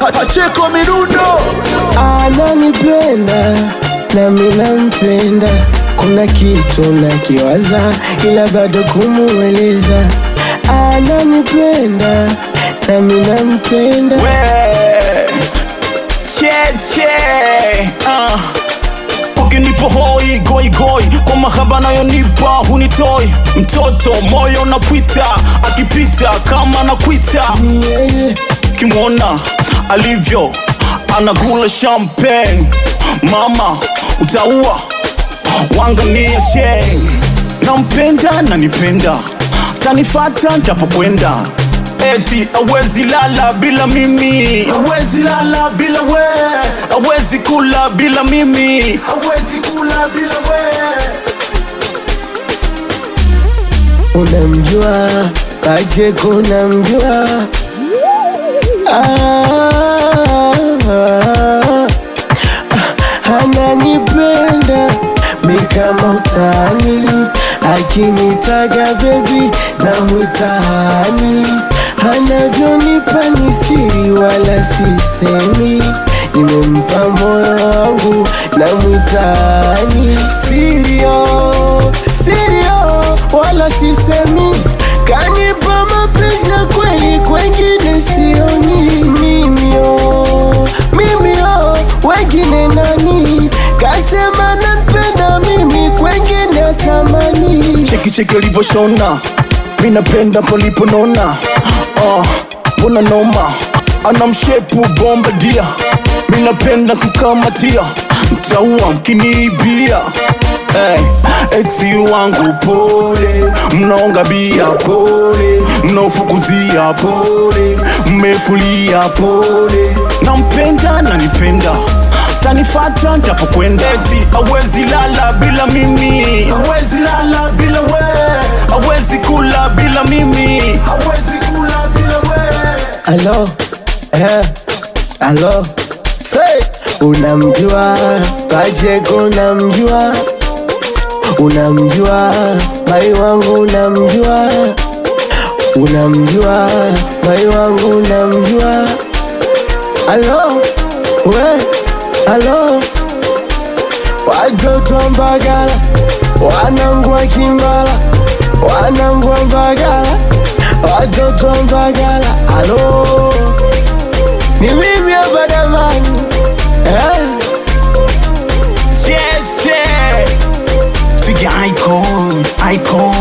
Pacheko Midundo ananipenda na mimi nampenda, kuna kitu nakiwaza ila bado kumueleza. Ananipenda na mimi nampenda ah. hoi goi goi kwa mahaba nipa hunitoi mtoto moyo nakwita akipita kama nakwita yeah, yeah. kimwona alivyo anakula champagne. Mama utaua wangania cheng, nampenda nanipenda, tanifata ntapokwenda, eti awezi lala bila mimi, awezi lala bila we, awezi kula bila mimi, awezi kula bila we. Unamjua Pacheco, kunamjua ah. utani, akinitaga bebi na mtahani, anavyonipa ni siri wala sisemi, nimempa moyo wangu na mtahani, sirio sirio wala sisemi kanipa cheki ulivyoshona, mimi napenda paliponona. Uh, ah, bona noma ana mshepu bomba dia, mimi napenda kukamatia mtaua mkinibia Hey, eh, exi wangu pole, mnaonga bia pole, mnaofukuzia pole, mmefulia pole, nampenda nanipenda, tanifata ntapokwenda, eti awezi lala bila mimi awezi Alo, eh, alo, say unamjua kajeko, unamjua unamjua bai wangu unamjua unamjua bai wangu unamjua alo we alo watoto Mbagala wanangua kimbala wanangua Mbagala Ojo come bagala, hello. Ni mimi abada mani, eh? Siete, big icon, icon.